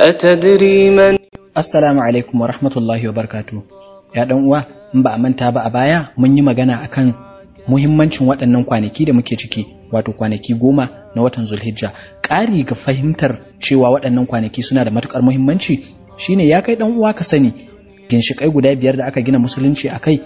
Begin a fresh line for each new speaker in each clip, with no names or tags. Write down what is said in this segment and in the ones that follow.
أتدري من Assalamu alaikum wa rahmatullahi wa barkatu. Ya ɗan uwa, in ba a manta ba a baya mun yi magana akan muhimmancin waɗannan kwanaki da muke ciki, wato kwanaki goma na watan Zulhijja. Ƙari ga fahimtar cewa waɗannan kwanaki suna da matuƙar muhimmanci shine ya kai ɗan uwa ka sani ginshiƙai guda biyar da aka gina musulunci a kai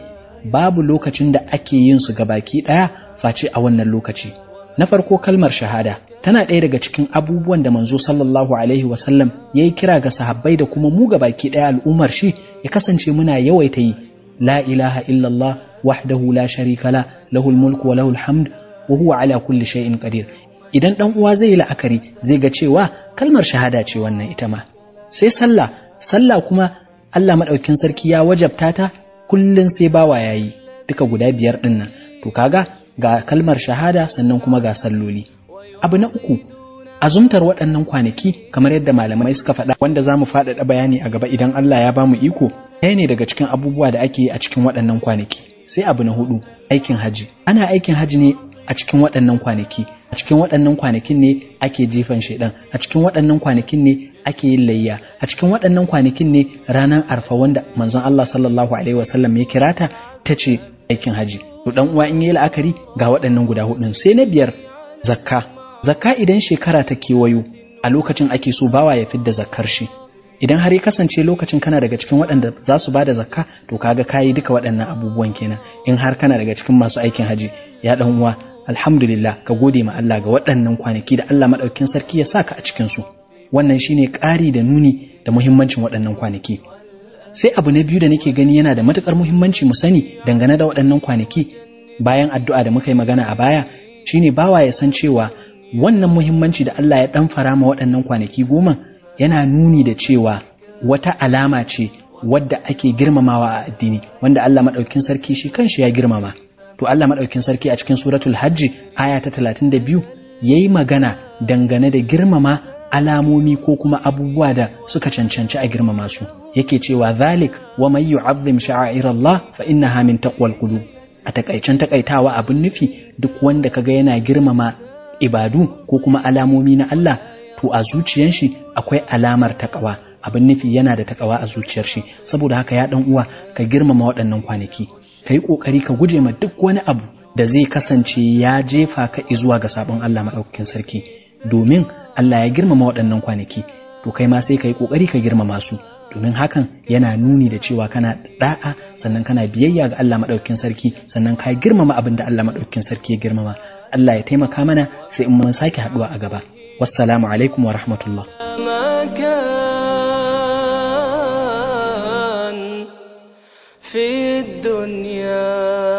babu lokacin da ake yin su ga baki ɗaya face a wannan lokaci. na farko kalmar shahada tana ɗaya daga cikin abubuwan da manzo sallallahu alaihi wasallam ya yi kira ga sahabbai da kuma mu baki ɗaya al'ummar shi ya kasance muna yawaita yi la ilaha illallah wahdahu la sharika la lahul mulku wa lahul hamd wa huwa ala kulli shay'in qadir idan dan uwa zai yi la'akari zai ga cewa kalmar shahada ce wannan ita ma sai sallah sallah kuma Allah madaukin sarki ya wajabta ta kullun sai bawa yayi duka guda biyar dinnan to kaga ga kalmar shahada sannan kuma ga salloli abu na uku azumtar waɗannan kwanaki kamar yadda malamai suka faɗa wanda za mu faɗaɗa bayani a gaba idan Allah ya ba mu iko ɗaya ne daga cikin abubuwa da ake yi a cikin waɗannan kwanaki sai abu na hudu aikin haji ana aikin haji ne a cikin waɗannan kwanaki a cikin waɗannan kwanakin ne ake jifan shaidan a cikin waɗannan kwanakin ne ake yin layya a cikin waɗannan kwanakin ne ranar arfa wanda manzon Allah sallallahu alaihi wasallam ya kirata ta ce aikin haji to dan uwa in yi la'akari ga waɗannan guda hudun sai na biyar zakka zakka idan shekara ta kewayo a lokacin ake so bawa ya fidda zakkar shi idan har ya kasance lokacin kana daga cikin waɗanda za su bada zakka to kaga kayi duka waɗannan abubuwan kenan in har kana daga cikin masu aikin haji ya dan uwa alhamdulillah ka gode ma Allah ga waɗannan kwanaki da Allah maɗaukin sarki ya saka a cikinsu wannan shine ƙari da nuni da muhimmancin waɗannan kwanaki sai abu na biyu da nake gani yana da matuƙar muhimmanci mu sani dangane da waɗannan kwanaki bayan addu'a da muka yi magana a baya shine bawa ya san cewa wannan muhimmanci da Allah ya ɗan fara ma waɗannan kwanaki goma yana nuni da cewa wata alama ce wadda ake girmamawa a addini wanda Allah maɗaukin sarki shi kanshi ya girmama to Allah maɗaukin sarki a cikin suratul hajji aya ta ya yi magana dangane da girmama alamomi ko kuma abubuwa da suka cancanci a girmama su yake cewa zalik wa mai yu'azzim sha'airallah fa innaha min taqwal qulub a takaicen takaitawa abin nufi duk wanda kaga yana girmama ibadu ko kuma alamomi na Allah to a zuciyan shi akwai alamar ƙawa. abin nufi yana da takawa a zuciyar shi saboda haka ya dan uwa ka girmama waɗannan kwanaki ka yi kokari ka guje ma duk wani abu da zai kasance ya jefa ka izuwa ga sabon Allah maɗaukakin sarki domin Allah ya girmama waɗannan kwanaki to kai ma sai ka yi kokari ka girmama su domin hakan yana nuni da cewa kana da'a sannan kana biyayya ga Allah maɗaukakin sarki sannan ka girmama abin da Allah maɗaukakin sarki ya girmama Allah ya taimaka mana sai in mun sake haɗuwa a gaba wassalamu alaikum wa rahmatullah في الدنيا